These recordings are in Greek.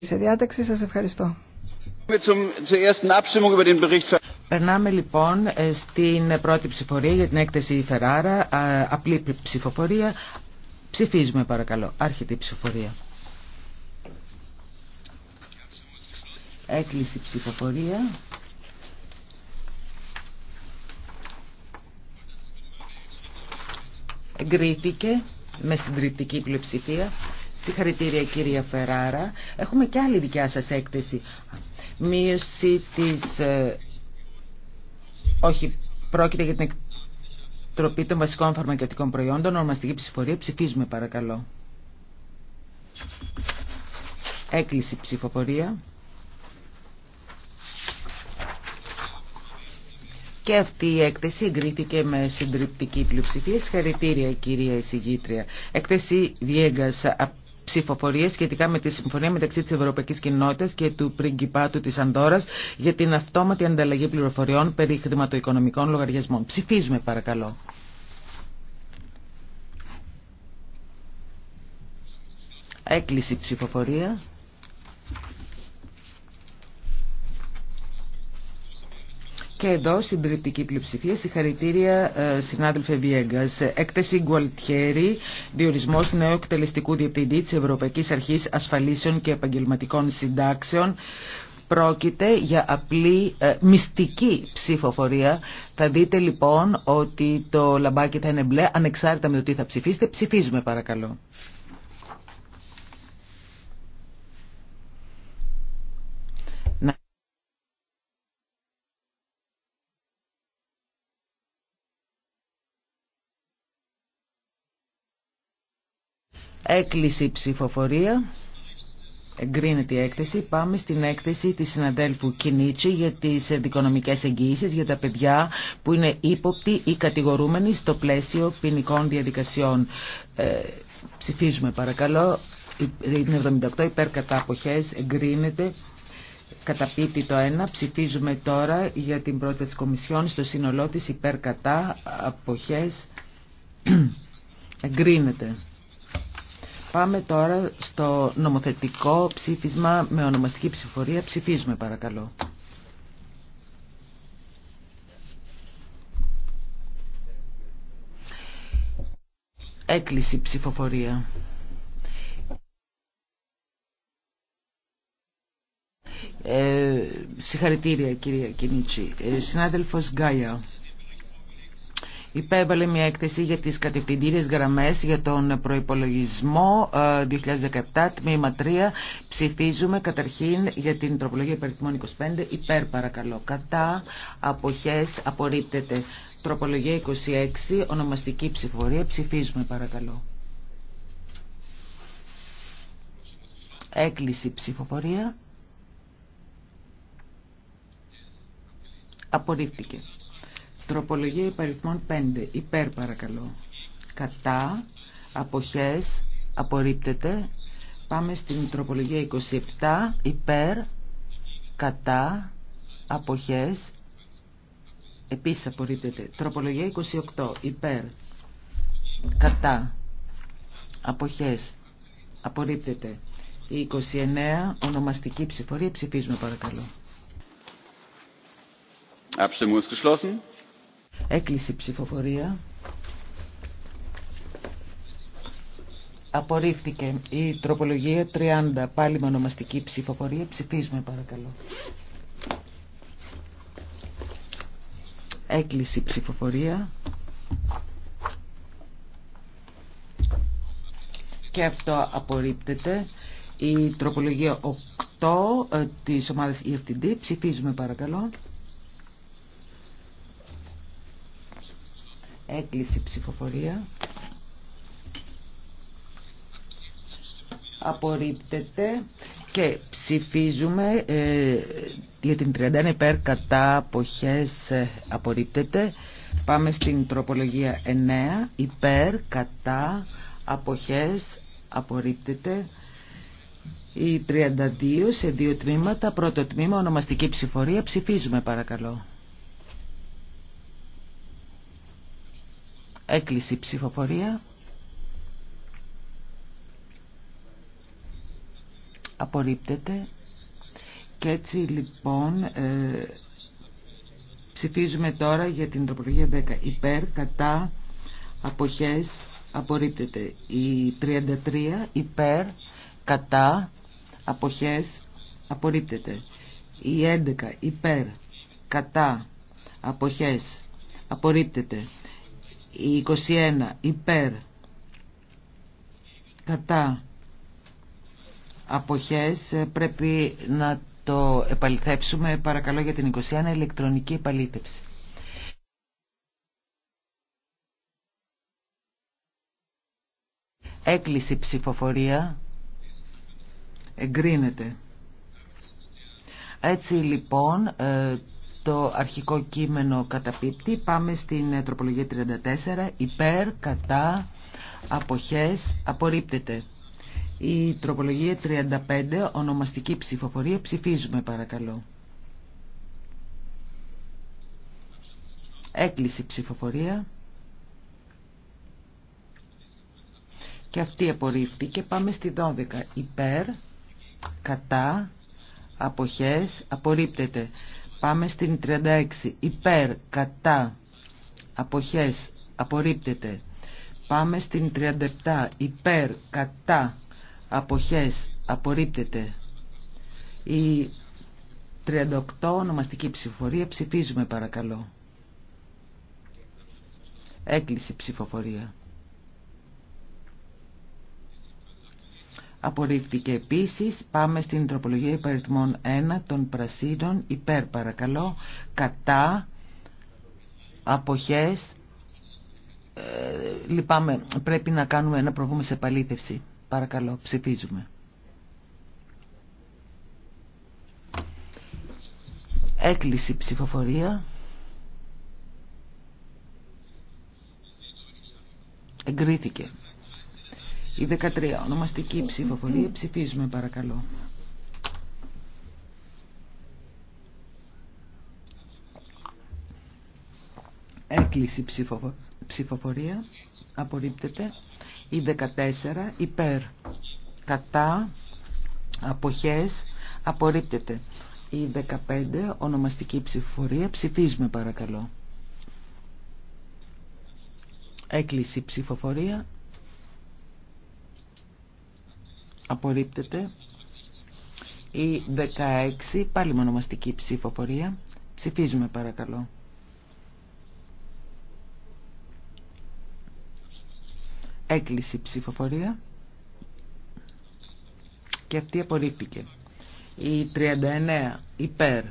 σε διάταξη. ευχαριστώ. Περνάμε λοιπόν ε, στην πρώτη ψηφορία για την έκθεση Φεράρα, απλή ψηφοφορία. Ψηφίζουμε παρακαλώ. Άρχεται ψηφοφορία. Έκλειση ψηφοφορία. Εγκρίθηκε με συντριπτική πλειοψηφία. Συγχαρητήρια κυρία Φεράρα. Έχουμε και άλλη δικιά σας έκθεση. Μείωση της... Ε, όχι, πρόκειται για την εκτροπή των βασικών φαρμακευτικών προϊόντων. Ονομαστική ψηφοφορία. Ψηφίζουμε παρακαλώ. Έκλειση ψηφοφορία. Και αυτή η έκθεση εγκρίθηκε με συντριπτική πλειοψηφία. Συγχαρητήρια κυρία εισηγήτρια. Έκθεση Βιέγκας Ψηφοφορίες σχετικά με τη συμφωνία μεταξύ της Ευρωπαϊκής Κοινότητας και του πριγκιπάτου της Ανδόρας για την αυτόματη ανταλλαγή πληροφοριών περί χρηματοοικονομικών λογαριασμών. Ψηφίζουμε παρακαλώ. Έκλειση ψηφοφορία. Και εδώ συντριπτική πλειοψηφία, συγχαρητήρια ε, συνάδελφε Βιέγκα. Έκθεση Γκουαλτιέρη, διορισμό νέου εκτελεστικού διευθυντή τη Ευρωπαϊκή Αρχή Ασφαλίσεων και Επαγγελματικών Συντάξεων. Πρόκειται για απλή ε, μυστική ψηφοφορία. Θα δείτε λοιπόν ότι το λαμπάκι θα είναι μπλε, ανεξάρτητα με το τι θα ψηφίσετε. Ψηφίζουμε παρακαλώ. η ψηφοφορία. Εγκρίνεται η έκθεση. Πάμε στην έκθεση της συναδέλφου Κινίτσι για τις δικονομικές εγγύησεις για τα παιδιά που είναι ύποπτοι ή κατηγορούμενοι στο πλαίσιο ποινικών διαδικασιών. Ε, ψηφίζουμε παρακαλώ. Είναι 78 υπέρ κατά αποχές. Εγκρίνεται. Καταπίπτει το ένα. Ψηφίζουμε τώρα για την πρόταση της Κομισιόν στο σύνολό της υπέρ κατά αποχές. Εγκρίνεται. Πάμε τώρα στο νομοθετικό ψήφισμα με ονομαστική ψηφοφορία. Ψηφίζουμε παρακαλώ. Έκλειση ψηφοφορία. Ε, συγχαρητήρια κυρία Κινίτσι. Ε, συνάδελφος Γκάια υπέβαλε μια έκθεση για τις κατευθυντήριες γραμμές για τον προϋπολογισμό 2017, ε, τμήμα 3. Ψηφίζουμε καταρχήν για την τροπολογία υπερθυμών 25, υπέρ παρακαλώ. Κατά, αποχές, απορρίπτεται. Τροπολογία 26, ονομαστική ψηφορία, ψηφίζουμε παρακαλώ. Έκλειση ψηφοφορία. Απορρίφθηκε. Τροπολογία υπαριθμών 5. Υπέρ παρακαλώ. Κατά. Αποχές. Απορρίπτεται. Πάμε στην τροπολογία 27. Υπέρ. Κατά. Αποχές. Επίσης απορρίπτεται. Τροπολογία 28. Υπέρ. Κατά. Αποχές. Απορρίπτεται. Η 29. Ονομαστική ψηφορία. Ψηφίζουμε παρακαλώ. Abstimmung geschlossen. Έκλεισε η ψηφοφορία. Απορρίφθηκε η τροπολογία 30. Πάλι με ονομαστική ψηφοφορία. Ψηφίζουμε παρακαλώ. Έκλεισε η ψηφοφορία. Και αυτό απορρίπτεται. Η τροπολογία 8 ε, της ομάδας EFTD. Ψηφίζουμε παρακαλώ. Έκλειση ψηφοφορία. Απορρίπτεται και ψηφίζουμε ε, για την 31 υπέρ κατά αποχές ε, απορρίπτεται. Πάμε στην τροπολογία 9 υπέρ κατά αποχές απορρίπτεται. Η 32 σε δύο τμήματα, πρώτο τμήμα ονομαστική ψηφορία. Ψηφίζουμε παρακαλώ. Έκλεισε η ψηφοφορία. Απορρίπτεται. Και έτσι λοιπόν ε, ψηφίζουμε τώρα για την τροπολογία 10. Υπέρ, κατά, αποχές, απορρίπτεται. Η 33 υπέρ, κατά, αποχές, απορρίπτεται. Η 11 υπέρ, κατά, αποχές, απορρίπτεται. Η 21 υπέρ κατά αποχές ε, πρέπει να το επαληθεύσουμε παρακαλώ για την 21 ηλεκτρονική επαλήθευση. Έκλειση ψηφοφορία εγκρίνεται. Έτσι λοιπόν ε, το αρχικό κείμενο καταπίπτει. Πάμε στην ε, τροπολογία 34. Υπέρ, κατά, αποχές, απορρίπτεται. Η τροπολογία 35, ονομαστική ψηφοφορία, ψηφίζουμε παρακαλώ. Έκλειση ψηφοφορία. Και αυτή και Πάμε στη 12. Υπέρ, κατά, αποχές, απορρίπτεται. Πάμε στην 36. Υπέρ, κατά, αποχές, απορρίπτεται. Πάμε στην 37. Υπέρ, κατά, αποχές, απορρίπτεται. Η 38 ονομαστική ψηφοφορία. Ψηφίζουμε παρακαλώ. Έκλεισε ψηφοφορία. Απορρίφθηκε επίσης. Πάμε στην τροπολογία υπαριθμών 1 των πρασίνων. Υπέρ παρακαλώ. Κατά. Αποχές. Ε, λυπάμαι. Πρέπει να κάνουμε ένα προβούμε σε παλήθευση. Παρακαλώ. Ψηφίζουμε. Έκλειση ψηφοφορία. Εγκρίθηκε. Η 13. Ονομαστική ψηφοφορία. Ψηφίζουμε παρακαλώ. Έκλειση ψηφοφορία. Απορρίπτεται. Η 14. Υπέρ. Κατά. Αποχές. Απορρίπτεται. Η 15. Ονομαστική ψηφοφορία. Ψηφίζουμε παρακαλώ. Έκλειση ψηφοφορία. απορρίπτεται. Η 16, πάλι μονομαστική ψηφοφορία. Ψηφίζουμε παρακαλώ. Έκλειση ψηφοφορία. Και αυτή απορρίπτηκε. Η 39 υπέρ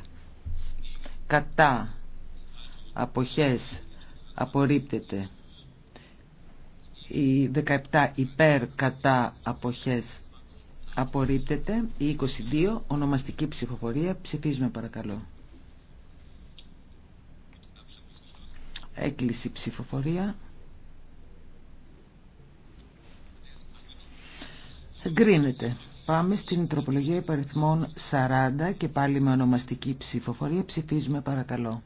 κατά αποχές απορρίπτεται. Η 17 υπέρ κατά αποχές Απορρίπτεται η 22 ονομαστική ψηφοφορία. Ψηφίζουμε παρακαλώ. Έκλειση ψηφοφορία. Εγκρίνεται. Πάμε στην τροπολογία υπαριθμών 40 και πάλι με ονομαστική ψηφοφορία. Ψηφίζουμε παρακαλώ.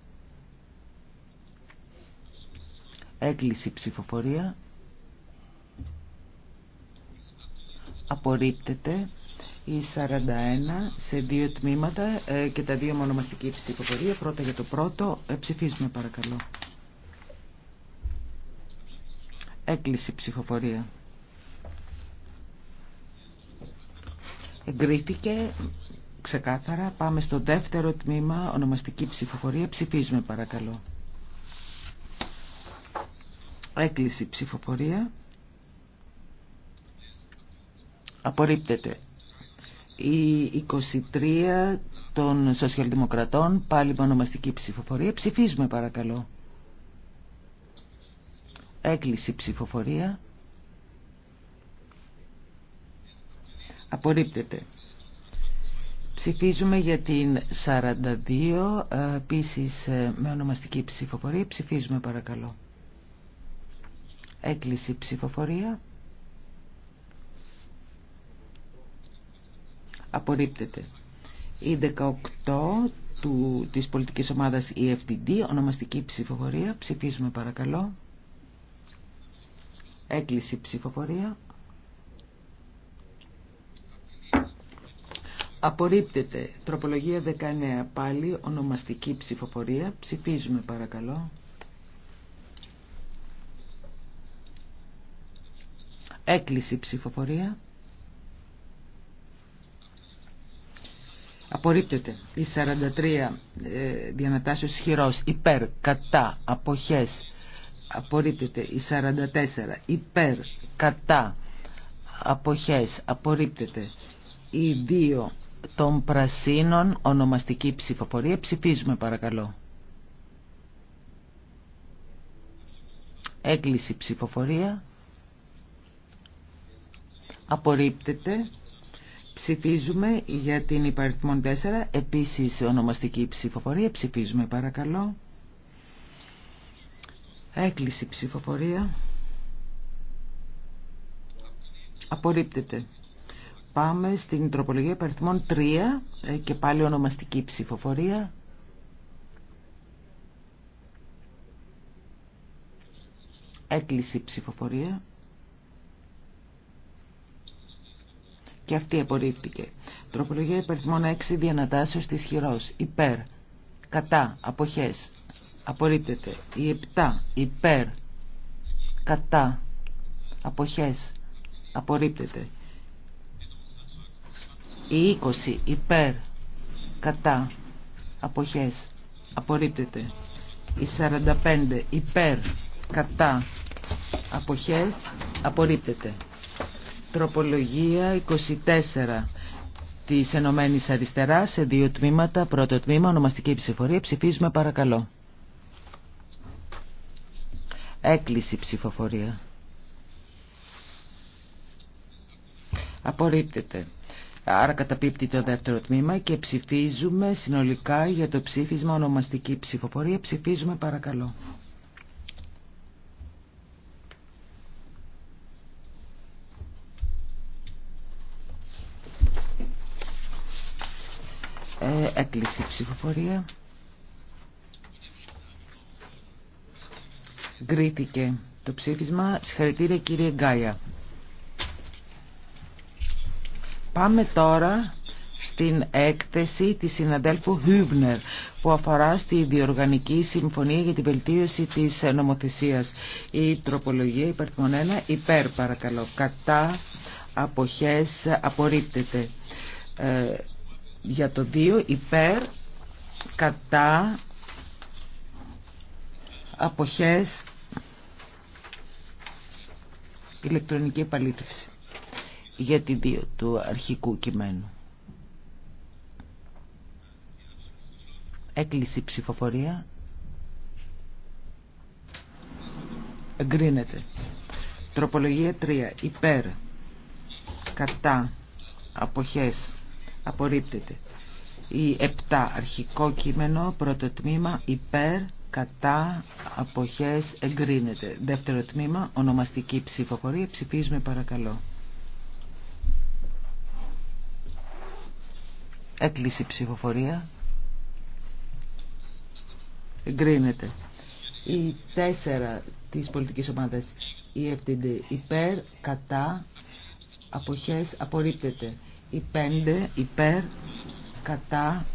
Έκλειση ψηφοφορία. απορρίπτεται η 41 σε δύο τμήματα ε, και τα δύο μονομαστική ψηφοφορία. Πρώτα για το πρώτο. Ε, ψηφίζουμε παρακαλώ. Έκλειση ψηφοφορία. Εγκρίθηκε ξεκάθαρα. Πάμε στο δεύτερο τμήμα. Ονομαστική ψηφοφορία. Ψηφίζουμε παρακαλώ. Έκλειση ψηφοφορία. Απορρίπτεται. Η 23 των Σοσιαλδημοκρατών, πάλι με ονομαστική ψηφοφορία. Ψηφίζουμε παρακαλώ. Έκλειση ψηφοφορία. Απορρίπτεται. Ψηφίζουμε για την 42, επίση ε, με ονομαστική ψηφοφορία. Ψηφίζουμε παρακαλώ. Έκλειση ψηφοφορία. απορρίπτεται. Η 18 του, της πολιτικής ομάδας EFTD, ονομαστική ψηφοφορία. Ψηφίζουμε παρακαλώ. Έκλειση ψηφοφορία. Απορρίπτεται. Τροπολογία 19. Πάλι ονομαστική ψηφοφορία. Ψηφίζουμε παρακαλώ. Έκλειση ψηφοφορία. απορρίπτεται. Η 43 ε, χειρός υπέρ, κατά, αποχές απορρίπτεται. Η 44 υπέρ, κατά, αποχές απορρίπτεται. Η 2 των πρασίνων ονομαστική ψηφοφορία. Ψηφίζουμε παρακαλώ. Έκλειση ψηφοφορία. Απορρίπτεται. Ψηφίζουμε για την υπαριθμόν 4, επίσης ονομαστική ψηφοφορία. Ψηφίζουμε παρακαλώ. Έκλειση ψηφοφορία. Απορρίπτεται. Πάμε στην τροπολογία υπαριθμών 3 ε, και πάλι ονομαστική ψηφοφορία. Έκλειση ψηφοφορία. και αυτή απορρίφθηκε. Τροπολογία υπερθυμών 6 διανατάσεως της χειρός. Υπέρ. Κατά. Αποχές. Απορρίπτεται. Η 7. Υπέρ. Κατά. Αποχές. Απορρίπτεται. Η 20. Υπέρ. Κατά. Αποχές. Απορρίπτεται. Η 45. Υπέρ. Κατά. Αποχές. Απορρίπτεται. Τροπολογία 24 της ενωμένη αριστερά σε δύο τμήματα. Πρώτο τμήμα, ονομαστική ψηφοφορία. Ψηφίζουμε παρακαλώ. Έκλειση ψηφοφορία. Απορρίπτεται. Άρα καταπίπτει το δεύτερο τμήμα και ψηφίζουμε συνολικά για το ψήφισμα ονομαστική ψηφοφορία. Ψηφίζουμε παρακαλώ. έκλεισε η ψηφοφορία. Γκρίθηκε το ψήφισμα. Συγχαρητήρια κύριε Γκάια. Πάμε τώρα στην έκθεση της συναντέλφου Χούμπνερ που αφορά στη διοργανική συμφωνία για την βελτίωση της νομοθεσίας. Η τροπολογία υπερθμονένα υπέρ παρακαλώ. Κατά αποχές απορρίπτεται. Ε, για το 2 υπέρ κατά αποχές ηλεκτρονική επαλήθευση για τη 2 του αρχικού κειμένου. Έκλειση ψηφοφορία. Εγκρίνεται. Τροπολογία 3. Υπέρ. Κατά. Αποχές απορρίπτεται. Η 7 αρχικό κείμενο, πρώτο τμήμα, υπέρ, κατά, αποχές, εγκρίνεται. Δεύτερο τμήμα, ονομαστική ψηφοφορία, ψηφίζουμε παρακαλώ. εκλειση ψηφοφορία. Εγκρίνεται. Η 4 της πολιτικής ομάδας, η FTD, υπέρ, κατά, αποχές, απορρίπτεται. Η 5 υπέρ κατά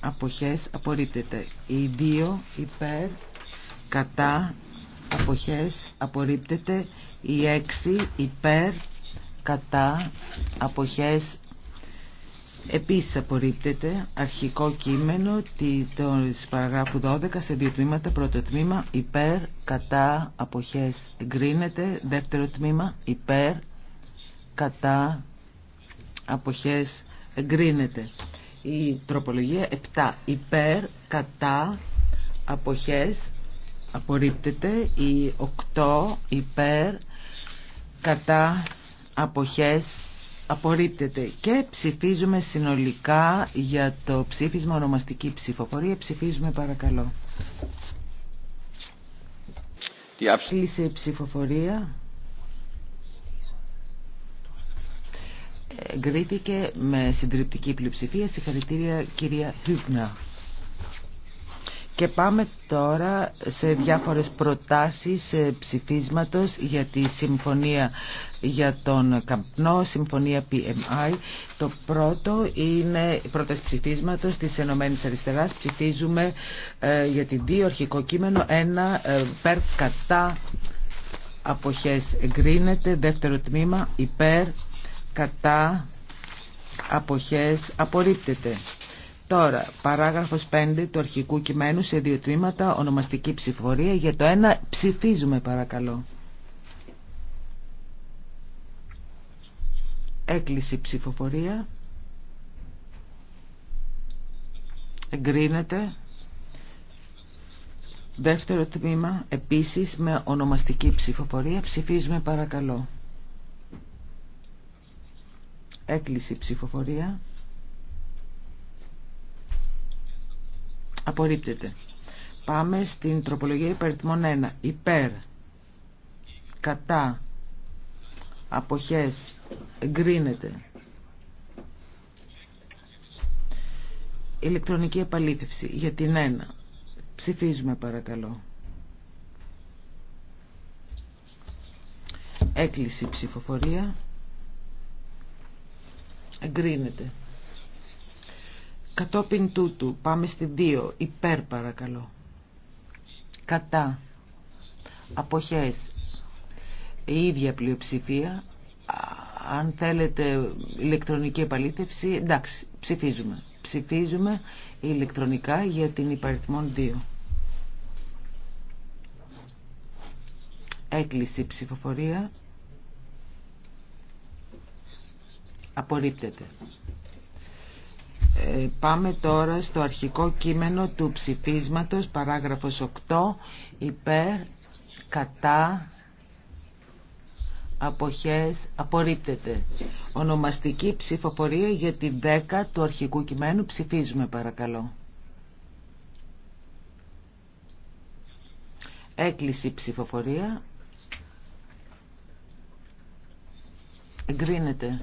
αποχές απορρίπτεται. Η δύο υπέρ κατά αποχές απορρίπτεται. Η έξι υπέρ κατά αποχές Επίσης απορρίπτεται αρχικό κείμενο της παραγράφου 12 σε δύο τμήματα. Πρώτο τμήμα υπέρ, κατά, αποχές εγκρίνεται. Δεύτερο τμήμα υπέρ, κατά, αποχές εγκρίνεται. Η τροπολογία 7 υπέρ, κατά, αποχές απορρίπτεται. Η 8 υπέρ, κατά, αποχές απορρίπτεται. Και ψηφίζουμε συνολικά για το ψήφισμα ονομαστική ψηφοφορία. Ψηφίζουμε παρακαλώ. Κλείσε η ψηφοφορία. εγκρίθηκε με συντριπτική πλειοψηφία. Συγχαρητήρια κυρία Χύπνα. Και πάμε τώρα σε διάφορες προτάσεις ε, ψηφίσματος για τη συμφωνία για τον καπνό συμφωνία PMI. Το πρώτο είναι πρώτες ψηφίσματος της Ενωμένης Αριστεράς. Ψηφίζουμε ε, για την δύο αρχικό κείμενο, ένα ε, περ κατά αποχές εγκρίνεται, δεύτερο τμήμα υπέρ κατά αποχές απορρίπτεται. Τώρα, παράγραφος 5 του αρχικού κειμένου σε δύο τμήματα, ονομαστική ψηφορία. Για το ένα ψηφίζουμε παρακαλώ. Έκλειση ψηφοφορία. Εγκρίνεται. Δεύτερο τμήμα, επίσης με ονομαστική ψηφοφορία. Ψηφίζουμε παρακαλώ. Έκλεισε ψηφοφορία. Απορρίπτεται. Πάμε στην τροπολογία υπεριθμών 1. Υπέρ. Κατά. Αποχές. Εγκρίνεται. Ηλεκτρονική επαλήθευση για την 1. Ψηφίζουμε παρακαλώ. Έκλεισε η ψηφοφορία. Εγκρίνεται. Κατόπιν τούτου πάμε στη 2. Υπέρ παρακαλώ. Κατά. Αποχές. Η ίδια πλειοψηφία. Αν θέλετε ηλεκτρονική επαλήθευση, εντάξει, ψηφίζουμε. Ψηφίζουμε ηλεκτρονικά για την υπαριθμόν 2. Έκλεισε ψηφοφορία. Απορρίπτεται. Ε, πάμε τώρα στο αρχικό κείμενο του ψηφίσματος, παράγραφος 8, υπέρ, κατά, αποχές, απορρίπτεται. Ονομαστική ψηφοφορία για την 10 του αρχικού κειμένου. Ψηφίζουμε παρακαλώ. Έκλειση ψηφοφορία. Εγκρίνεται.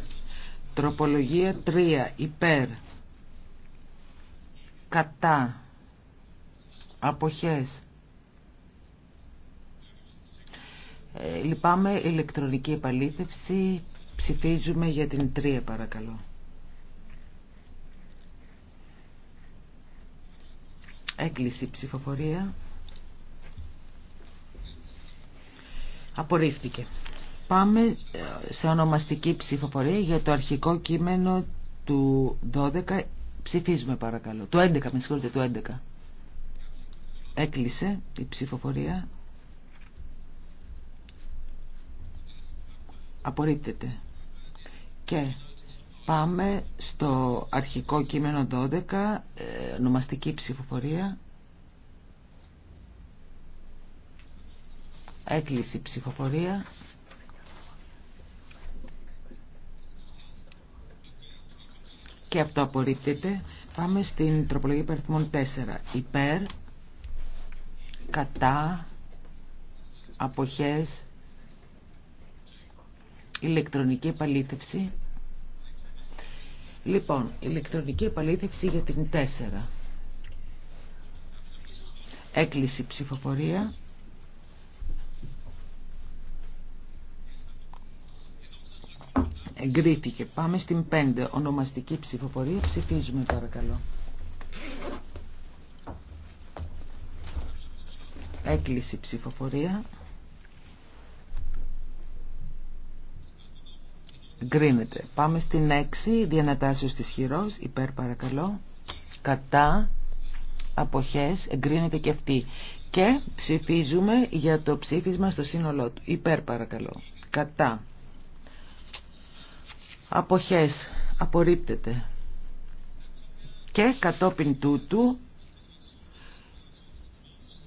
Τροπολογία 3. Υπέρ. Κατά. Αποχές. Ε, λυπάμαι ηλεκτρονική επαλήθευση. Ψηφίζουμε για την 3 παρακαλώ. Έκλειση ψηφοφορία. Απορρίφθηκε. Πάμε ε, σε ονομαστική ψηφοφορία για το αρχικό κείμενο του 12. Ψηφίζουμε παρακαλώ. Του 11, με συγχωρείτε, του 11. Έκλεισε η ψηφοφορία. Απορρίπτεται. Και πάμε στο αρχικό κείμενο 12, ε, ονομαστική ψηφοφορία. Έκλεισε η ψηφοφορία. και αυτό απορρίπτεται. Πάμε στην τροπολογία υπερθμών 4. Υπέρ, κατά, αποχές, ηλεκτρονική επαλήθευση. Λοιπόν, ηλεκτρονική επαλήθευση για την 4. Έκλειση ψηφοφορία. Εγκρίθηκε. Πάμε στην 5. Ονομαστική ψηφοφορία. Ψηφίζουμε παρακαλώ. Έκλειση ψηφοφορία. Γκρίνεται. Πάμε στην 6. Διανατάσεις της χειρός. Υπέρ παρακαλώ. Κατά. Αποχές. Εγκρίνεται και αυτή. Και ψηφίζουμε για το ψήφισμα στο σύνολό του. Υπέρ παρακαλώ. Κατά αποχές απορρίπτεται και κατόπιν τούτου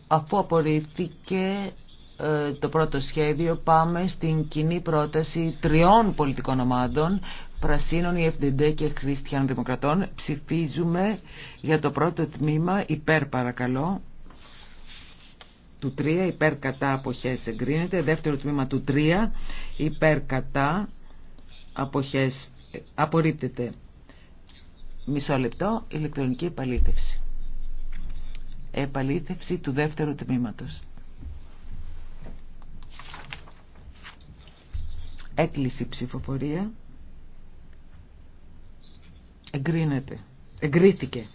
αφού απορρίφθηκε ε, το πρώτο σχέδιο πάμε στην κοινή πρόταση τριών πολιτικών ομάδων Πρασίνων, EFDD και Χριστιανών Δημοκρατών ψηφίζουμε για το πρώτο τμήμα υπέρ παρακαλώ του 3 υπέρ κατά αποχές εγκρίνεται δεύτερο τμήμα του 3 υπέρ κατά αποχές ε, απορρίπτεται μισό λεπτό ηλεκτρονική επαλήθευση επαλήθευση του δεύτερου τμήματος έκλειση ψηφοφορία εγκρίνεται εγκρίθηκε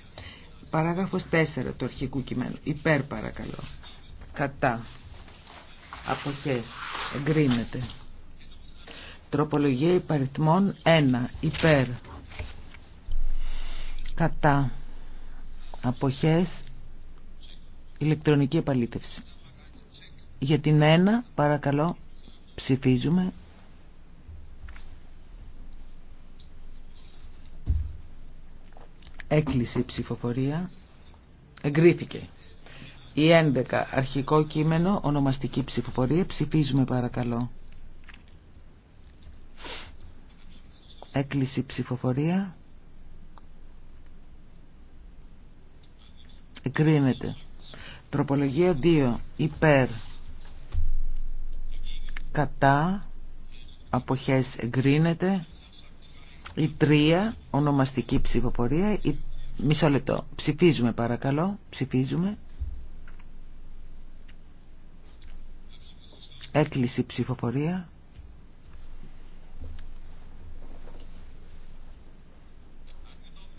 παράγραφος 4 του αρχικού κειμένου υπέρ παρακαλώ κατά αποχές εγκρίνεται Τροπολογία υπαριθμών 1. Υπέρ. Κατά. Αποχές. Ηλεκτρονική επαλήθευση. Για την 1 παρακαλώ ψηφίζουμε. Έκλεισε η ψηφοφορία. Εγκρίθηκε. Η 11. Αρχικό κείμενο, ονομαστική ψηφοφορία. Ψηφίζουμε παρακαλώ. Έκλεισε η ψηφοφορία. Εκρίνεται. Τροπολογία 2. Υπέρ. Κατά. Αποχές εγκρίνεται. Η 3. Ονομαστική ψηφοφορία. Η... Μισό λεπτό. Ψηφίζουμε παρακαλώ. Ψηφίζουμε. Έκλεισε η ψηφοφορία.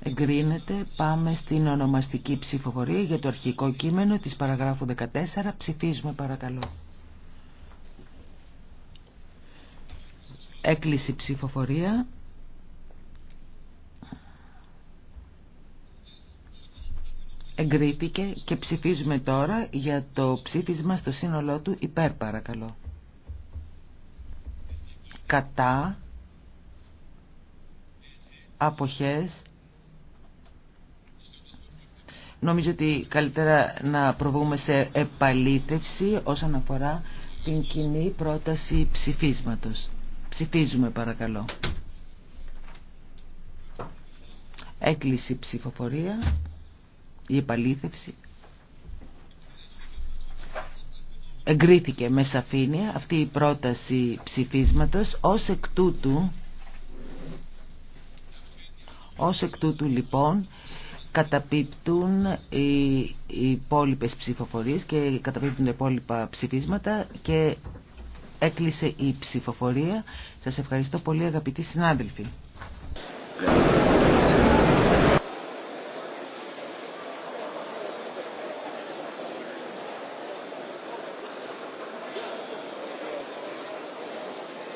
Εγκρίνεται. Πάμε στην ονομαστική ψηφοφορία για το αρχικό κείμενο της παραγράφου 14. Ψηφίζουμε παρακαλώ. Έκλειση ψηφοφορία. Εγκρίθηκε και ψηφίζουμε τώρα για το ψήφισμα στο σύνολό του υπέρ παρακαλώ. Κατά αποχές Νομίζω ότι καλύτερα να προβούμε σε επαλήθευση όσον αφορά την κοινή πρόταση ψηφίσματος. Ψηφίζουμε παρακαλώ. Έκλειση ψηφοφορία, η επαλήθευση. Εγκρίθηκε με σαφήνεια αυτή η πρόταση ψηφίσματος ως εκ τούτου, ως εκ τούτου λοιπόν καταπίπτουν οι, οι υπόλοιπε ψηφοφορίες και καταπίπτουν τα υπόλοιπα ψηφίσματα και έκλεισε η ψηφοφορία. Σας ευχαριστώ πολύ αγαπητοί συνάδελφοι.